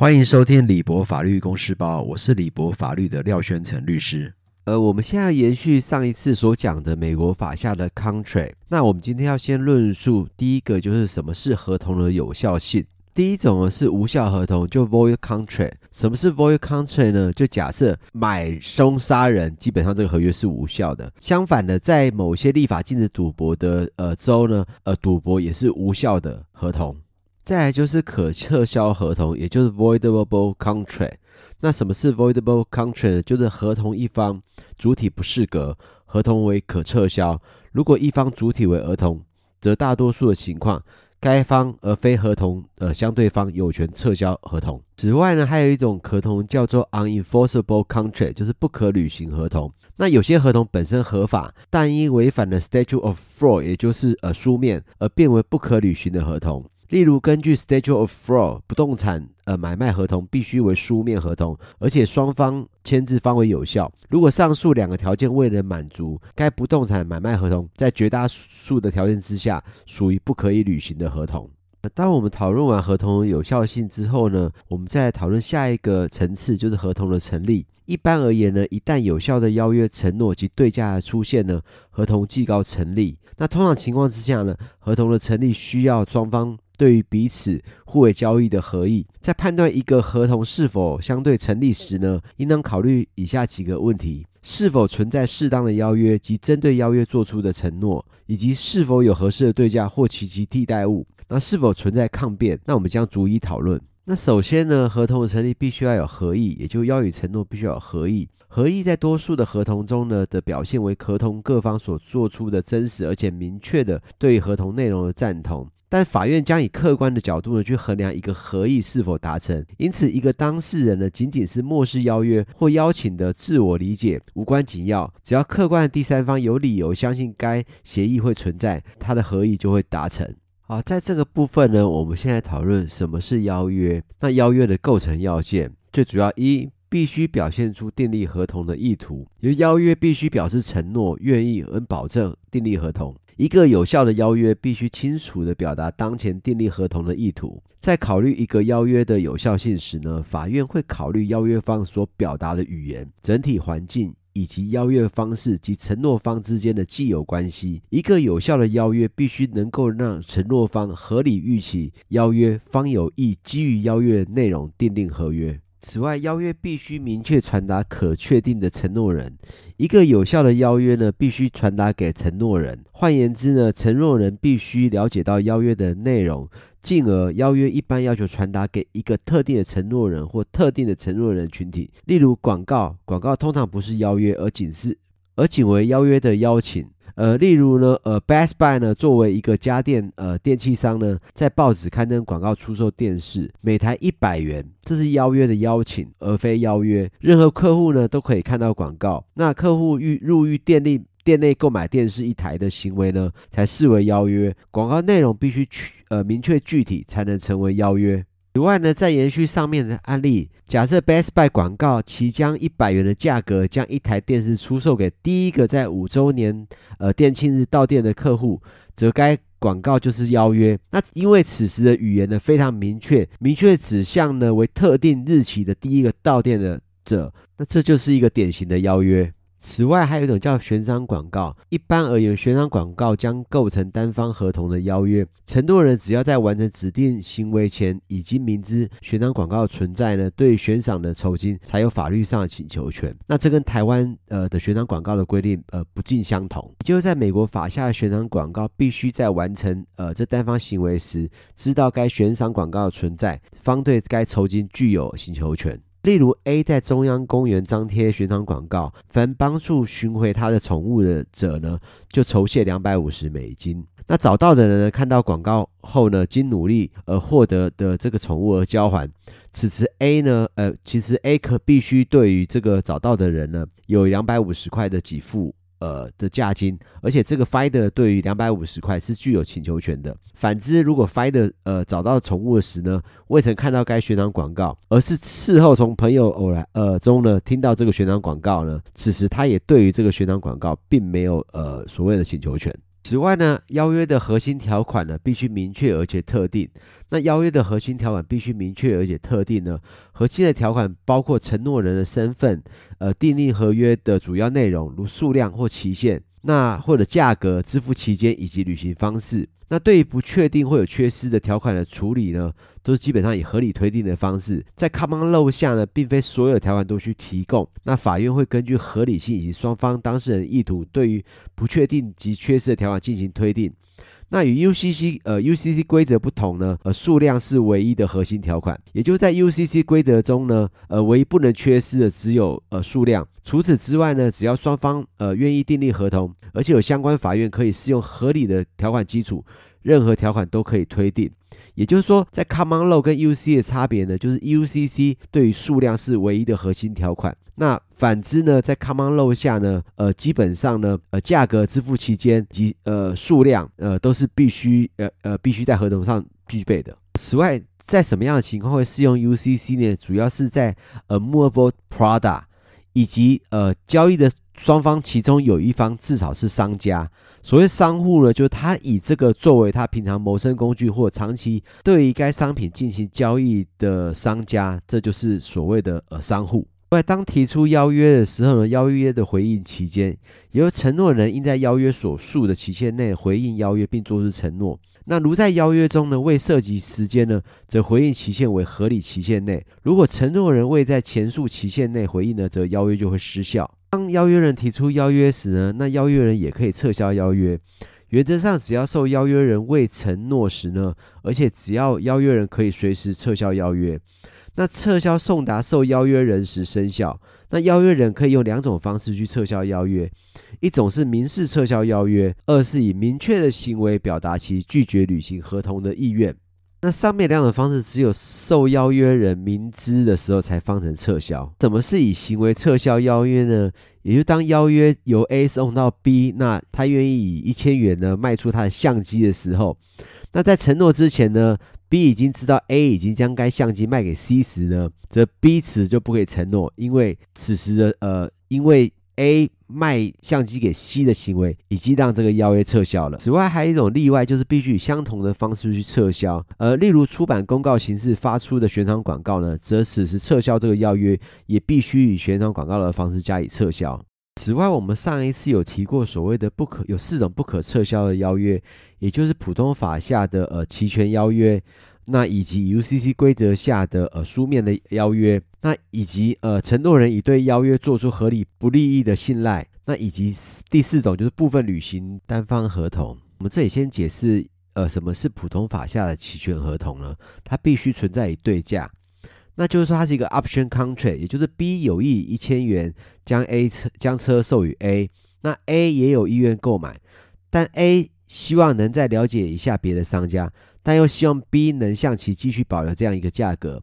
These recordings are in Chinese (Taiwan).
歡迎收聽李博法律公司包，我是李博法律的廖宣成律師。呃，我們現在要延續上一次所講的美國法下的 contract。那我們今天要先論述第一個就是什麼是合同的有效性。第一種呢是無效合同，就 void contract。什麼是 void contract 呢？就假設買凶殺人，基本上這個合約是無效的。相反的，在某些立法禁止賭博的呃州呢，呃，賭博也是無效的合同。再來就是可撤銷合同，也就是 voidable contract。那什麼是 voidable contract？就是合同一方主體不適格，合同為可撤銷。如果一方主體為兒童，則大多數的情況，該方而非合同的、呃、相對方有權撤銷合同。此外呢，還有一種合同叫做 unenforceable contract，就是不可履行合同。那有些合同本身合法，但因違反了 statute of fraud，也就是呃書面，而變為不可履行的合同。例如，根據《s t a t u e of Fra》u d 不動產呃買賣合同必須為書面合同，而且雙方簽字方為有效。如果上述兩個條件未能滿足，該不動產買賣合同在絕大多數的條件之下屬於不可以履行的合同。呃、當我們討論完合同的有效性之後呢，我們再來討論下一個層次，就是合同的成立。一般而言呢，一旦有效的邀約、承諾及對價的出現呢，合同即告成立。那通常情況之下呢，合同的成立需要雙方。對於彼此互為交易的合意，在判斷一個合同是否相對成立時呢，應當考慮以下幾個問題：是否存在適當的邀約及針對邀約做出的承諾，以及是否有合適的對價或其替代物。那是否存在抗辯？那我們將逐一討論。那首先呢，合同的成立必須要有合意，也就是邀與承諾必須要有合意。合意在多數的合同中呢的表現為合同各方所做出的真實而且明確的對於合同內容的贊同。但法院將以客觀的角度呢去衡量一個合意是否達成，因此一個當事人呢僅僅是漠視邀約或邀請的自我理解無關緊要，只要客觀的第三方有理由相信該協議會存在，他的合意就會達成。好，在這個部分呢，我們現在討論什麼是邀約，那邀約的構成要件最主要一。必須表現出訂立合同的意圖。有邀約必須表示承諾、願意和保證訂立合同。一個有效的邀約必須清楚地表達當前訂立合同的意圖。在考慮一個邀約的有效性時呢，法院會考慮邀約方所表達的語言、整體環境以及邀約方式及承諾方之間的既有關係。一個有效的邀約必須能夠讓承諾方合理預期邀約方有意基於邀約內容訂立合約。此外，邀約必須明確傳達可確定的承諾人。一個有效的邀約呢，必須傳達給承諾人。換言之呢，承諾人必須了解到邀約的內容。進而，邀約一般要求傳達給一個特定的承諾人或特定的承諾人群體。例如，廣告，廣告通常不是邀約而是，而僅是而僅為邀約的邀請。呃，例如呢，呃，Best Buy 呢，作為一個家電呃電器商呢，在報紙刊登廣告，出售電視，每台一百元，這是邀約的邀請，而非邀約。任何客戶呢，都可以看到廣告。那客戶欲入獄店內店內購買電視一台的行為呢，才視為邀約。廣告內容必須呃明確具體，才能成為邀約。此外呢，再延續上面的案例，假設 Best Buy 廣告其將一百元的價格將一台電視出售給第一個在五周年呃店慶日到店的客戶，則該廣告就是邀約。那因為此時的語言呢非常明確，明確指向呢為特定日期的第一個到店的者，那這就是一個典型的邀約。此外，還有一種叫懸賞廣告。一般而言，懸賞廣告將構成單方合同的邀約。承諾人只要在完成指定行為前已經明知懸賞廣告的存在呢，對懸賞的酬金才有法律上的請求權。那這跟台灣呃的懸賞廣告的規定呃不盡相同。也就是在美國法下的懸賞廣告，必須在完成呃這單方行為時，知道該懸賞廣告的存在，方對該酬金具有請求權。例如，A 在中央公園張貼尋常廣告，凡幫助尋回他的寵物的者呢，就酬謝兩百五十美金。那找到的人呢，看到廣告後呢，經努力而獲得的這個寵物而交還，此時 A 呢，呃，其實 A 可必須對於這個找到的人呢，有兩百五十塊的給付。呃的價金，而且這個 finder 對於兩百五十塊是具有請求權的。反之，如果 finder 呃找到寵物的時呢，未曾看到該懸賞廣告，而是事後從朋友偶然呃中呢聽到這個懸賞廣告呢，此時他也對於這個懸賞廣告並沒有呃所謂的請求權。此外呢，邀約的核心條款呢，必須明確而且特定。那邀約的核心條款必須明確而且特定呢，核心的條款包括承諾人的身份，呃，訂立合約的主要內容，如數量或期限。那或者價格、支付期間以及履行方式，那對於不確定或有缺失的條款的處理呢，都是基本上以合理推定的方式。在 Common Law 下呢，並非所有的條款都需提供，那法院會根據合理性以及雙方當事人的意圖，對於不確定及缺失的條款進行推定。那與 UCC 呃 UCC 規則不同呢，呃數量是唯一的核心條款。也就是在 UCC 規則中呢，呃唯一不能缺失的只有呃數量。除此之外呢，只要雙方呃願意訂立合同，而且有相關法院可以適用合理的條款基礎，任何條款都可以推定。也就是說，在 Common Law 跟 UCC 的差別呢，就是 UCC 對於數量是唯一的核心條款。那反之呢，在 Common Law 下呢，呃，基本上呢，呃，價格、支付期間及呃數量，呃，都是必須，呃呃，必須在合同上具備的。此外，在什麼樣的情況會適用 UCC 呢？主要是在呃 movable product 以及呃交易的雙方其中有一方至少是商家。所謂商戶呢，就是他以這個作為他平常謀生工具或長期對於該商品進行交易的商家，這就是所謂的呃商戶。在當提出邀約的時候呢，邀約的回應期間由承諾人應在邀約所述的期限內回應邀約並作出承諾。那如在邀約中呢未涉及時間呢，則回應期限為合理期限內。如果承諾人未在前述期限內回應呢，則邀約就會失效。當邀約人提出邀約時呢，那邀約人也可以撤銷邀約。原則上只要受邀約人未承諾時呢，而且只要邀約人可以隨時撤銷邀約。那撤銷送達受邀約人時生效。那邀約人可以用兩種方式去撤銷邀約，一種是明示撤銷邀約，二是以明確的行為表達其拒絕履行合同的意願。那上面兩種方式只有受邀約人明知的時候才方能撤銷。怎麼是以行為撤銷邀約呢？也就是當邀約由 A 送到 B，那他願意以一千元呢賣出他的相機的時候，那在承諾之前呢？B 已經知道 A 已經將該相機賣給 C 時呢，則 B 此時就不可以承諾，因為此時的呃，因為 A 賣相機給 C 的行為已經讓這個邀約撤銷了。此外，還有一種例外，就是必須以相同的方式去撤銷。而例如出版公告形式發出的懸賞廣告呢，則此時撤銷這個邀約也必須以懸賞廣告的方式加以撤銷。此外，我們上一次有提過所謂的不可有四種不可撤銷的邀約，也就是普通法下的呃期權邀約，那以及 UCC 規則下的呃書面的邀約，那以及呃承諾人已對邀約做出合理不利益的信賴，那以及第四種就是部分履行單方合同。我們這裡先解釋呃什麼是普通法下的期權合同呢？它必須存在於對價。那就是說，它是一個 option contract，也就是 B 有意一千元將 A 車將車售予 A，那 A 也有意願購買，但 A 希望能再了解一下別的商家，但又希望 B 能向其繼續保留這樣一個價格。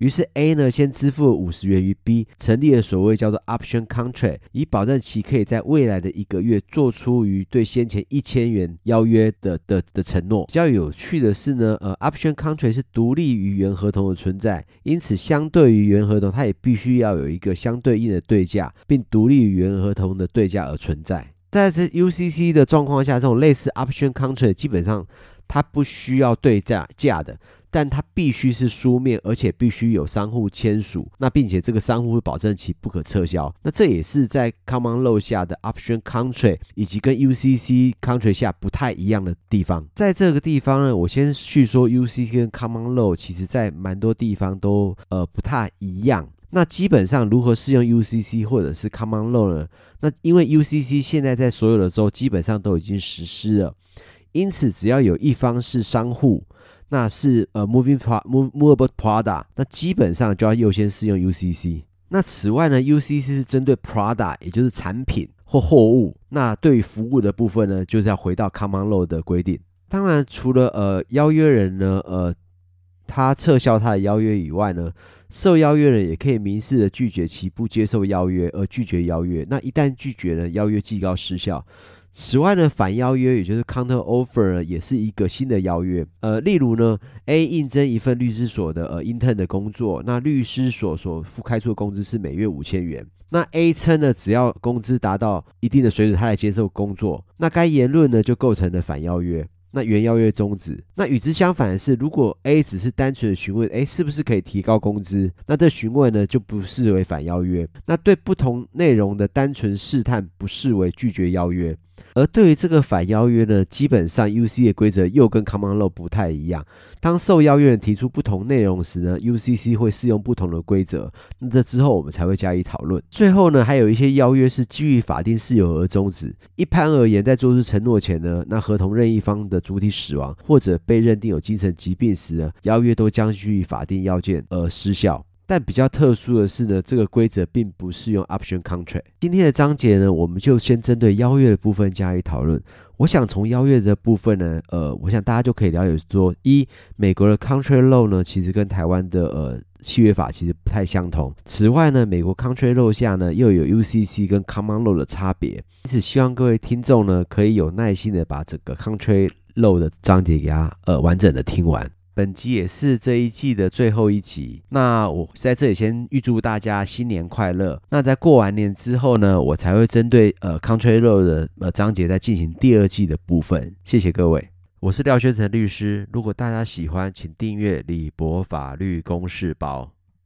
於是 A 呢先支付五十元於 B，成立了所謂叫做 option contract，以保證其可以在未來的一個月做出於對先前一千元邀約的的的承諾。比較有趣的是呢，呃，option contract 是獨立於原合同的存在，因此相對於原合同，它也必須要有一個相對應的對價，並獨立於原合同的對價而存在。在這 UCC 的狀況下，這種類似 option contract 基本上它不需要對價價的。但它必須是書面，而且必須有商戶簽署。那並且這個商戶會保證其不可撤銷。那這也是在 Common Law 下的 Option Contract 以及跟 UCC Contract 下不太一樣的地方。在這個地方呢，我先敘說 UCC 跟 Common Law 其實在蠻多地方都呃不太一樣。那基本上如何適用 UCC 或者是 Common Law 呢？那因為 UCC 現在在所有的州基本上都已經實施了，因此只要有一方是商戶。那是呃，moving product, movable product，那基本上就要優先適用 UCC。那此外呢，UCC 是針對 product，也就是產品或貨物。那對於服務的部分呢，就是要回到 common law 的規定。當然，除了呃，邀約人呢，呃，他撤銷他的邀約以外呢，受邀約人也可以明示的拒絕其不接受邀約而拒絕邀約。那一旦拒絕呢，邀約即告失效。此外呢，反邀約也就是 counter offer 呢也是一個新的邀約。呃，例如呢，A 應徵一份律師所的呃 intern 的工作，那律師所所付開出的工資是每月五千元。那 A 稱呢，只要工資達到一定的水準，他來接受工作。那該言論呢，就構成了反邀約。那原邀約終止。那與之相反的是，如果 A 只是單純的詢問，哎，是不是可以提高工資？那這詢問呢，就不視為反邀約。那對不同內容的單純試探，不視為拒絕邀約。而對於這個反邀約呢，基本上 U C 的規則又跟 Common Law 不太一樣。當受邀約人提出不同內容時呢，U C C 會適用不同的規則。那這之後我們才會加以討論。最後呢，還有一些邀約是基於法定事由而終止。一般而言，在做出承諾前呢，那合同任意方的主體死亡或者被認定有精神疾病時呢，邀約都將基於法定要件而失效。但比較特殊的是呢，這個規則並不適用 option contract。今天的章節呢，我們就先針對邀約的部分加以討論。我想從邀約的部分呢，呃，我想大家就可以了解說，一美國的 contract law 呢，其實跟台灣的呃契約法其實不太相同。此外呢，美國 contract law 下呢，又有 UCC 跟 common law 的差別。因此，希望各位聽眾呢，可以有耐心的把整個 contract law 的章節給它呃完整的聽完。本集也是這一季的最後一集，那我在這裡先預祝大家新年快樂。那在過完年之後呢，我才會針對呃 contract law 的呃章節再進行第二季的部分。謝謝各位，我是廖學成律師。如果大家喜歡，請訂閱《李博法律公示包》。